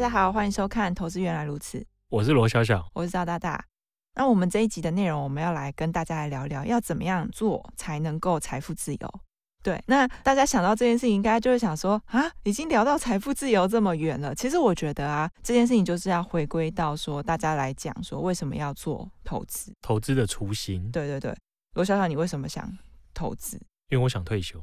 大家好，歡迎收看《投資原來如此》。我是羅小小，我是趙大大。那我們這一集的內容，我們要來跟大家來聊聊，要怎麼樣做才能夠財富自由？對，那大家想到這件事情，應該就會想說啊，已經聊到財富自由這麼遠了。其實我覺得啊，這件事情就是要回歸到說，大家來講說，為什麼要做投資？投資的初心。對對對，羅小小，你為什麼想投資？因為我想退休。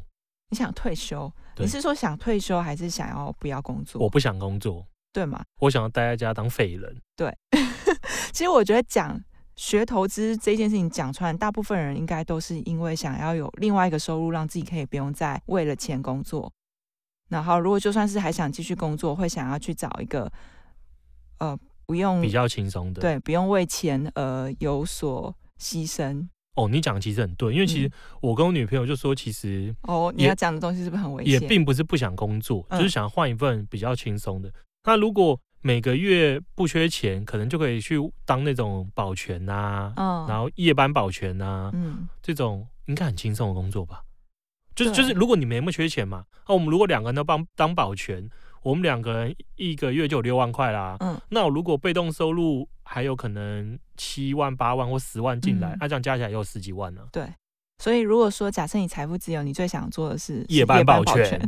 你想退休？對你是說想退休，還是想要不要工作？我不想工作。對嘛？我想要待在家當廢人。對， 其實我覺得講學投資這件事情講出來，大部分人應該都是因為想要有另外一個收入，讓自己可以不用再為了錢工作。然後，如果就算是還想繼續工作，會想要去找一個呃不用比較輕鬆的，對，不用為錢而、呃、有所犧牲。哦，你講的其實很對，因為其實我跟我女朋友就說，其實哦，你要講的東西是不是很危險？也並不是不想工作，嗯、就是想換一份比較輕鬆的。那如果每個月不缺錢，可能就可以去當那種保全啊，嗯、然後夜班保全啊，嗯、這種應該很輕鬆的工作吧？就是對就是，如果你沒那麼缺錢嘛，那、啊、我們如果兩個人都幫當保全，我們兩個人一個月就有六萬塊啦，嗯、那我如果被動收入還有可能七萬八萬或十萬進來，那、嗯啊、這樣加起來也有十幾萬呢、啊。對，所以如果說假設你財富自由，你最想做的是夜班保全。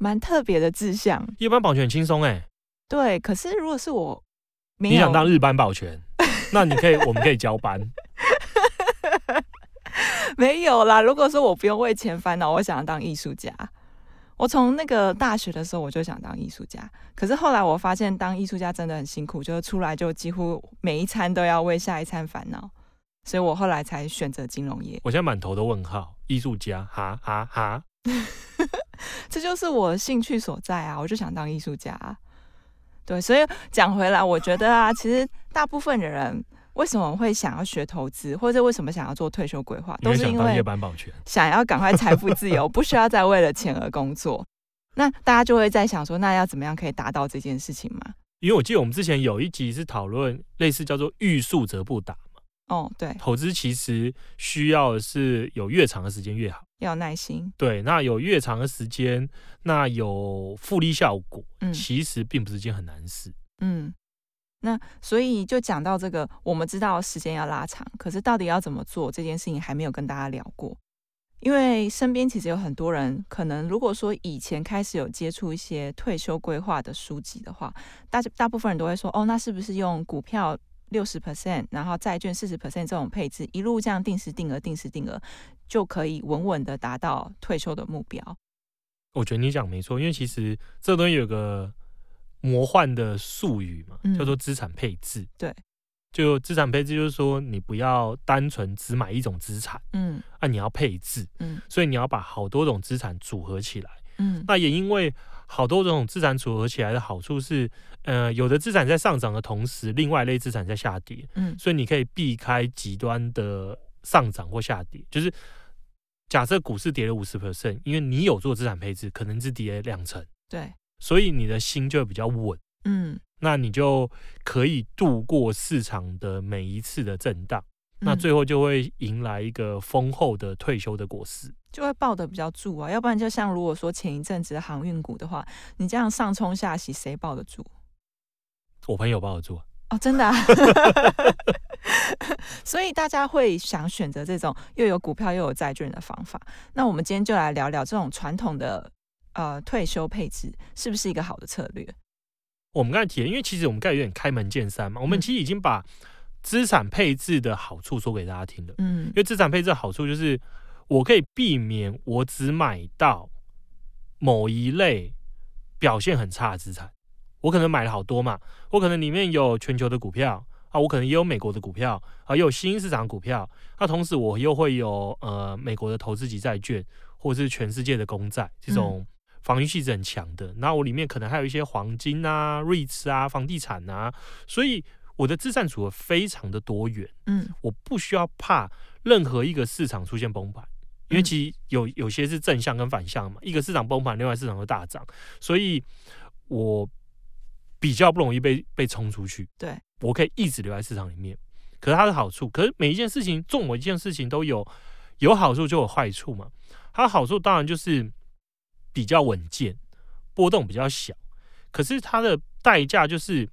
蠻特別的志向，一般保全很輕鬆哎。對，可是如果是我，你想當日班保全， 那你可以，我們可以交班。 沒有啦，如果說我不用為錢煩惱，我想要當藝術家。我從那個大學的時候我就想當藝術家，可是後來我發現當藝術家真的很辛苦，就是出來就幾乎每一餐都要為下一餐煩惱，所以我後來才選擇金融業。我現在滿頭的問號，藝術家哈哈哈。哈 這就是我興趣所在啊！我就想當藝術家。啊，對，所以講回來，我覺得啊，其實大部分的人為什麼會想要學投資，或者為什麼想要做退休規劃，都是因為想要趕快財富自由，不需要再為了錢而工作。 那大家就會在想說，那要怎麼樣可以達到這件事情嘛？因為我記得我們之前有一集是討論類似叫做“欲速則不達”。哦，對，投資其實需要的是有越長的時間越好，要耐心。對，那有越長的時間，那有複利效果，嗯、其實並不是一件很難事。嗯，那所以就講到這個，我們知道時間要拉長，可是到底要怎麼做這件事情還沒有跟大家聊過。因為身邊其實有很多人，可能如果說以前開始有接觸一些退休規劃的書籍的話，大大部分人都會說，哦，那是不是用股票？六十 percent，然後債券四十 percent 這種配置，一路這樣定時定額、定時定額，就可以穩穩的達到退休的目標。我覺得你講沒錯，因為其實這東西有個魔幻的術語嘛，嗯、叫做資產配置。對，就資產配置就是說，你不要單純只買一種資產，嗯，啊，你要配置，嗯，所以你要把好多種資產組合起來，嗯，那也因為。好多種資產組合起來的好處是，呃，有的資產在上漲的同時，另外一類資產在下跌，嗯，所以你可以避開極端的上漲或下跌。就是假設股市跌了五十 percent，因為你有做資產配置，可能是跌兩成，對，所以你的心就會比較穩，嗯，那你就可以度過市場的每一次的震盪。那最後就會迎來一個豐厚的退休的果實，嗯，就會抱得比較住啊。要不然就像如果說前一陣子的航運股的話，你這樣上沖下洗，誰抱得住？我朋友抱得住啊，哦，真的啊。 所以大家會想選擇這種又有股票又有債券的方法。那我們今天就來聊聊這種傳統的呃退休配置是不是一個好的策略？我們剛才提，因為其實我們剛才有點開門見山嘛，我們其實已經把，嗯。資產配置的好處說給大家聽了，嗯，因為資產配置的好處就是，我可以避免我只買到某一類表現很差的資產，我可能買了好多嘛，我可能裡面有全球的股票啊，我可能也有美國的股票啊，又有新興市場股票，那同時我又會有呃美國的投資級債券或者是全世界的公債，這種防禦性是很強的，那，嗯，我裡面可能還有一些黃金啊、REITs 啊、房地產啊，所以。我的資產組合非常的多元，嗯，我不需要怕任何一個市場出現崩盤，嗯，因為其實有有些是正向跟反向嘛，一個市場崩盤，另外市場就大漲，所以我比較不容易被被衝出去。對，我可以一直留在市場裡面。可是它的好處，可是每一件事情做某一件事情都有有好處就有壞處嘛。它的好處當然就是比較穩健，波動比較小，可是它的代價就是。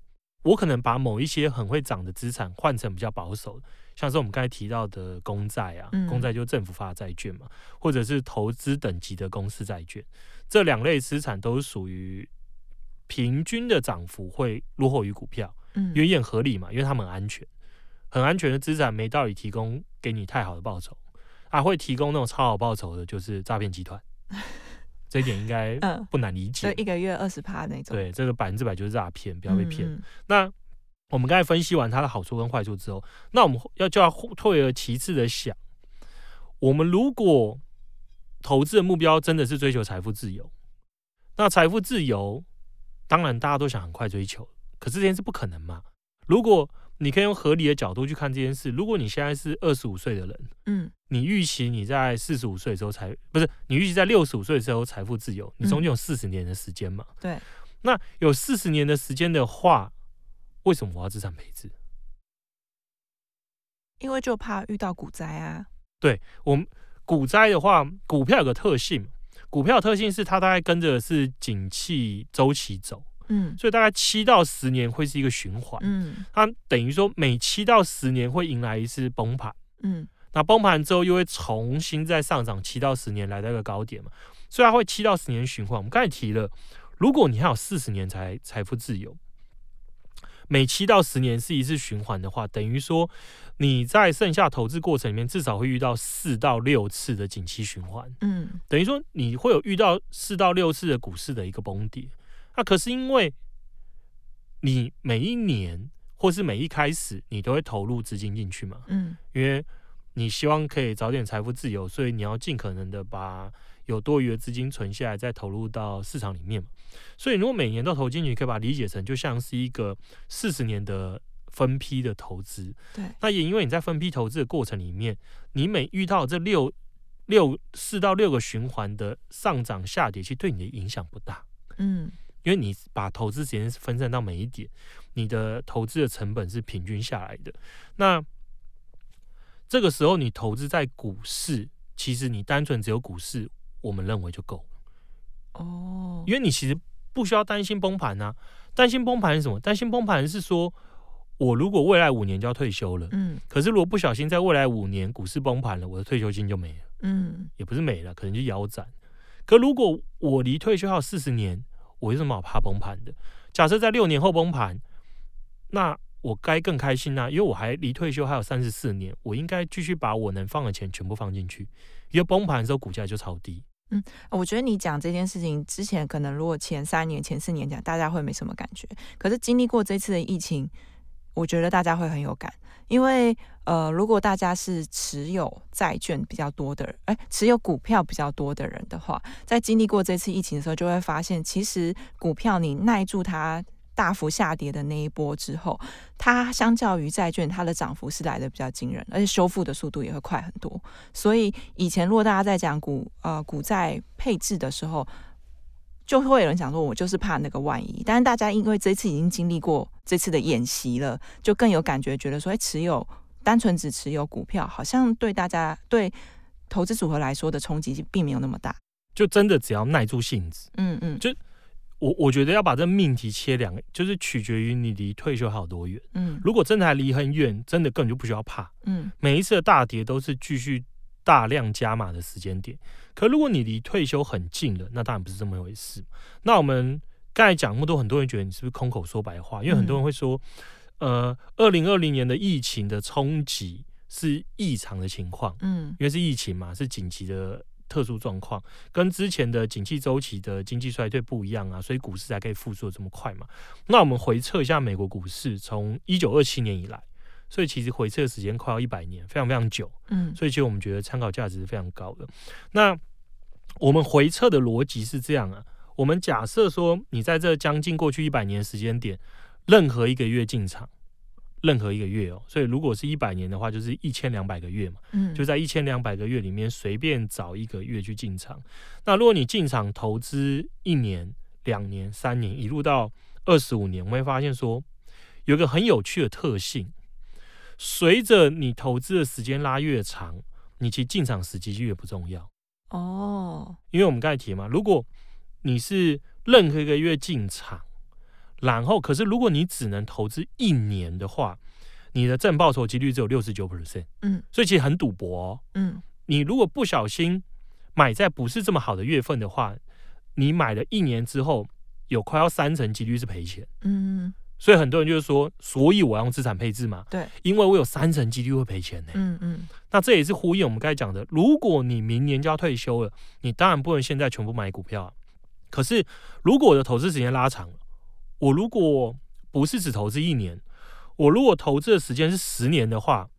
我可能把某一些很會漲的資產換成比較保守，像是我們剛才提到的公債啊，公債就政府發的債券嘛，或者是投資等級的公司債券，這兩類資產都屬於平均的漲幅會落後於股票，因為很合理嘛，因為它們很安全，很安全的資產沒道理提供給你太好的報酬，啊，會提供那種超好報酬的，就是詐騙集團。 這一點應該不難理解，呃、就一個月二十趴那種對，這個百分之百就是詐騙，不要被騙。嗯嗯、那我們剛才分析完它的好處跟壞處之後，那我們要就要退而其次的想，我們如果投資的目標真的是追求財富自由，那財富自由當然大家都想很快追求，可是這件事不可能嘛？如果你可以用合理的角度去看這件事。如果你現在是二十五歲的人，嗯，你預期你在四十五歲的時候，才不是，你預期在六十五歲的時候財富自由，嗯，你中間有四十年的時間嘛？對。那有四十年的時間的話，為什麼我要資產配置？因為就怕遇到股災啊。對，我們股災的話，股票有個特性，股票特性是它大概跟着是景氣週期走。嗯，所以大概七到十年會是一個循環，嗯，它等於說每七到十年會迎來一次崩盤，嗯，那崩盤之後又會重新再上漲七到十年來到一個高點嘛，所以它會七到十年循環。我們剛才提了，如果你還有四十年才財富自由，每七到十年是一次循環的話，等於說你在剩下投資過程裡面至少會遇到四到六次的景氣循環，嗯，等於說你會有遇到四到六次的股市的一個崩跌。那、啊、可是因為，你每一年或是每一開始，你都會投入資金進去嘛？嗯，因為你希望可以早點財富自由，所以你要盡可能的把有多餘的資金存下來，再投入到市場裡面嘛。所以如果每年都投進去，你可以把它理解成就像是一個四十年的分批的投資。對，那也因為你在分批投資的過程裡面，你每遇到這六六四到六個循環的上漲下跌，其實對你的影響不大。嗯。因為你把投資時間分散到每一點，你的投資的成本是平均下來的。那這個時候，你投資在股市，其實你單純只有股市，我們認為就夠了哦。Oh. 因為你其實不需要擔心崩盤吶、啊。擔心崩盤是什麼？擔心崩盤是說我如果未來五年就要退休了，嗯，可是如果不小心在未來五年股市崩盤了，我的退休金就沒了，嗯，也不是沒了，可能就腰斬。可如果我離退休還有四十年。我有什麼好怕崩盤的。假設在六年後崩盤，那我該更開心啊，因為我還離退休還有三十四年，我應該繼續把我能放的錢全部放進去，因為崩盤的時候股價就超低。嗯，我覺得你講這件事情之前，可能如果前三年、前四年講，大家會沒什麼感覺；可是經歷過這次的疫情，我覺得大家會很有感，因為。呃，如果大家是持有債券比較多的人，哎，持有股票比較多的人的話，在經歷過這次疫情的時候，就會發現，其實股票你耐住它大幅下跌的那一波之後，它相較於債券，它的漲幅是來得比較驚人，而且修復的速度也會快很多。所以以前如果大家在講股呃股債配置的時候，就會有人講說，我就是怕那個萬一。但是大家因為這次已經經歷過這次的演習了，就更有感覺，覺得說，哎，持有。單純只持有股票，好像對大家對投資組合來說的衝擊並沒有那麼大。就真的只要耐住性子，嗯嗯，就我我覺得要把這個命題切兩個，就是取決於你離退休還有多遠。嗯，如果真的還離很遠，真的根本就不需要怕。嗯，每一次的大跌都是繼續大量加碼的時間點。可如果你離退休很近了，那當然不是這麼回事。那我們剛才講那麼多，很多人覺得你是不是空口說白話？因為很多人會說。嗯呃，二零二零年的疫情的衝擊是異常的情況，嗯，因為是疫情嘛，是緊急的特殊狀況，跟之前的景氣週期的經濟衰退不一樣啊，所以股市才可以復甦得這麼快嘛。那我們回測一下美國股市從一九二七年以來，所以其實回測的時間快要一百年，非常非常久，嗯，所以其實我們覺得參考價值是非常高的。嗯，那我們回測的邏輯是這樣啊，我們假設說你在這將近過去一百年的時間點。任何一個月進場，任何一個月哦，所以如果是一百年的話，就是一千兩百個月嘛，嗯，就在一千兩百個月裡面隨便找一個月去進場。那如果你進場投資一年、兩年、三年，一路到二十五年，我會發現說有個很有趣的特性：隨着你投資的時間拉越長，你其實進場時機就越不重要哦。因為我們剛才提嘛，如果你是任何一個月進場。然後，可是如果你只能投資一年的話，你的正報酬幾率只有六十九 percent。嗯，所以其實很賭博，哦。嗯，你如果不小心買在不是這麼好的月份的話，你買了一年之後，有快要三成幾率是賠錢。嗯，所以很多人就是說，所以我要用資產配置嘛。對，因為我有三成幾率會賠錢呢，嗯。嗯嗯，那這也是呼應我們剛才講的，如果你明年就要退休了，你當然不能現在全部買股票，啊。可是，如果我的投資時間拉長了，我如果不是只投資一年，我如果投資的時間是十年的話，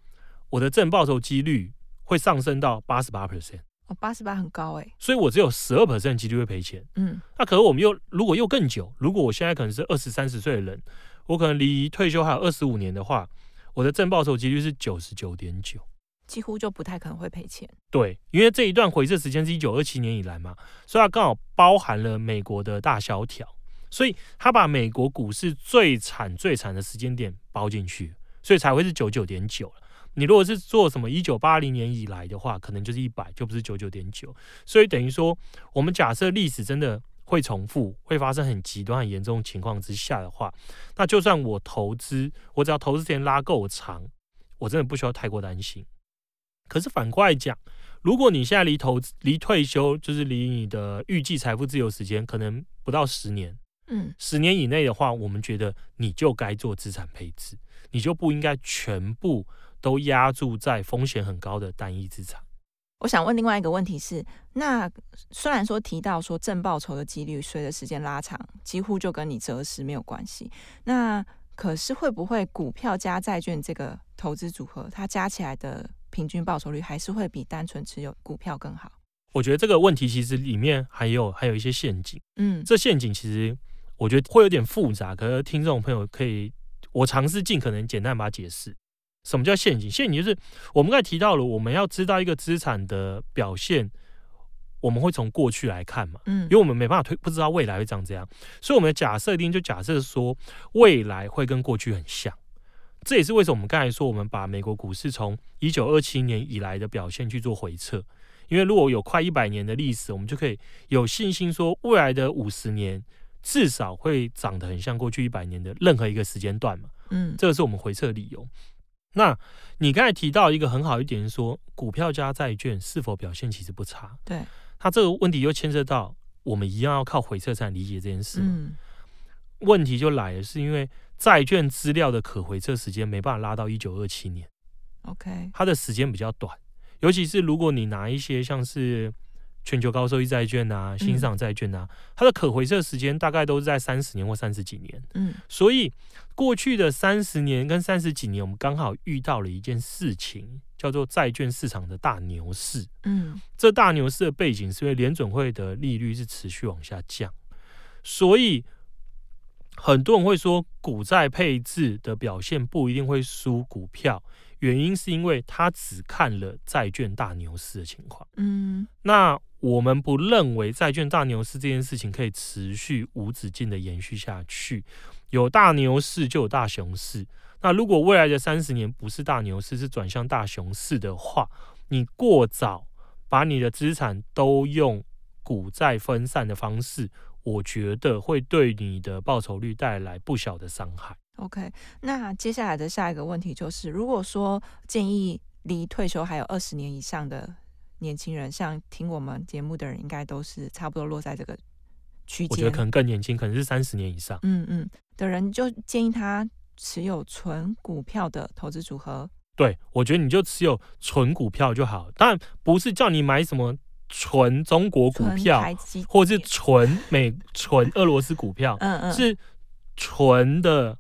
我的正報酬幾率會上升到八十八 percent。哦，八十八很高哎。所以我只有十二 percent 幾率會賠錢。嗯。那可是我們又如果又更久，如果我現在可能是二十三十歲的人，我可能離退休還有二十五年的話，我的正報酬幾率是九十九點九，幾乎就不太可能會賠錢。對，因為這一段回撤時間是一九二七年以來嘛，所以它剛好包含了美國的大蕭條。所以他把美國股市最慘、最慘的時間點包進去，所以才會是九九點九。你如果是做什麼一九八零年以來的話，可能就是一百，就不是九九點九。所以等於說，我們假設歷史真的會重複，會發生很極端、很嚴重的情況之下的話，那就算我投資，我只要投資時間拉夠長，我真的不需要太過擔心。可是反過來講，如果你現在離投、離退休，就是離你的預計財富自由時間可能不到十年。嗯，十年以內的話，我們覺得你就該做資產配置，你就不應該全部都押注在風險很高的單一資產。我想問另外一個問題是，那雖然說提到說正報酬的幾率隨着時間拉長，幾乎就跟你擇時沒有關係，那可是會不會股票加債券這個投資組合，它加起來的平均報酬率還是會比單純持有股票更好？我覺得這個問題其實裡面還有還有一些陷阱，嗯，這陷阱其實。我覺得會有點複雜，可是聽眾朋友可以，我嘗試盡可能簡單把它解釋。什麼叫陷阱？陷阱就是我們剛才提到了，我們要知道一個資產的表現，我們會從過去來看嘛，嗯，因為我們沒辦法推，不知道未來會長這樣，所以我們的假設定就假設說未來會跟過去很像。這也是為什麼我們剛才說，我們把美國股市從一九二七年以來的表現去做回測，因為如果有快一百年的歷史，我們就可以有信心說未來的五十年。至少會長得很像過去一百年的任何一個時間段嘛？嗯，這個是我們回測的理由。那你剛才提到一個很好一點是說，股票加債券是否表現其實不差？對，它這個問題又牽涉到我們一樣要靠回測才能理解這件事。嗯，問題就來了，是因為債券資料的可回測時間沒辦法拉到一九二七年。OK，它的時間比較短，尤其是如果你拿一些像是，全球高收益債券啊，新興市場債券啊，嗯、它的可回撤時間大概都是在三十年或三十幾年。嗯、所以過去的三十年跟三十幾年，我們剛好遇到了一件事情，叫做債券市場的大牛市。嗯、這大牛市的背景是因為聯準會的利率是持續往下降，所以很多人會說，股債配置的表現不一定會輸股票。原因是因為他只看了債券大牛市的情況，嗯，那我們不認為債券大牛市這件事情可以持續無止境的延續下去。有大牛市就有大熊市，那如果未來的三十年不是大牛市，是轉向大熊市的話，你過早把你的資產都用股債分散的方式，我覺得會對你的報酬率帶來不小的傷害。OK，那接下來的下一個問題就是，如果說建議離退休還有二十年以上的年輕人，像聽我們節目的人，應該都是差不多落在這個區間，我覺得可能更年輕，可能是三十年以上，嗯嗯，的人就建議他持有純股票的投資組合。對，我覺得你就持有純股票就好，但不是叫你買什麼純中國股票，或者是純美、純 俄羅斯股票，嗯嗯，是純的。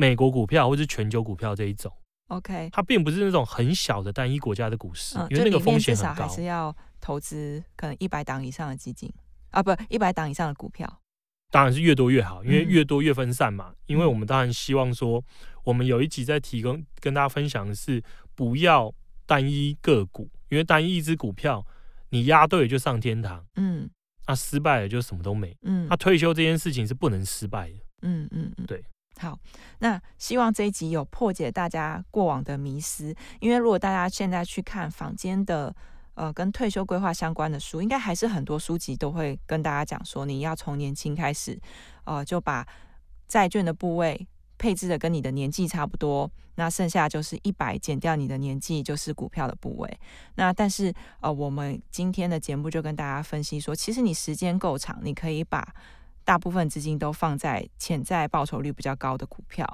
美國股票或是全球股票這一種，OK，它並不是那種很小的單一國家的股市，嗯、因為那個風險很高，還是要投資可能一百檔以上的基金啊，不，一百檔以上的股票，當然是越多越好，因為越多越分散嘛。嗯、因為我們當然希望說，我們有一集在提供跟大家分享的是不要單一個股，因為單一一隻股票，你押對了就上天堂，嗯，那、啊、失敗了就什麼都沒，嗯，他、啊、退休這件事情是不能失敗的，嗯嗯嗯，對。好，那希望這一集有破解大家過往的迷思。因為如果大家現在去看坊間的呃跟退休規劃相關的書，應該還是很多書籍都會跟大家講說，你要從年輕開始，呃，就把債券的部位配置的跟你的年紀差不多，那剩下就是一百減掉你的年紀就是股票的部位。那但是呃，我們今天的節目就跟大家分析說，其實你時間夠長，你可以把大部分資金都放在潛在報酬率比較高的股票，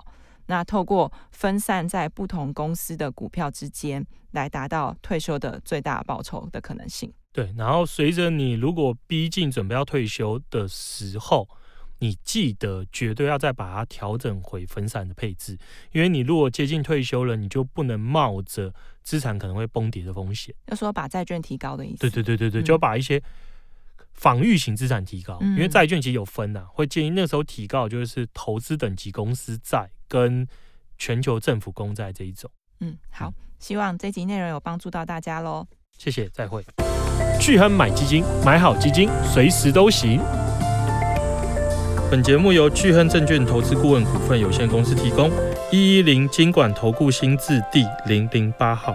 那透過分散在不同公司的股票之間，來達到退休的最大報酬的可能性。對，然後隨着你如果逼近準備要退休的時候，你記得絕對要再把它調整回分散的配置，因為你如果接近退休了，你就不能冒着資產可能會崩跌的風險。就說把債券提高的意思？對對對對對，就把一些、嗯。防禦型資產提高，因為債券其實有分吶、啊，嗯、會建議那時候提高就是投資等級公司債跟全球政府公債這一種。嗯，好，希望這集內容有幫助到大家嘍。謝謝，再會。鉅亨買基金，買好基金，隨時都行。本節目由鉅亨證券投資顧問股份有限公司提供，一一零金管投顧新字第零零八號。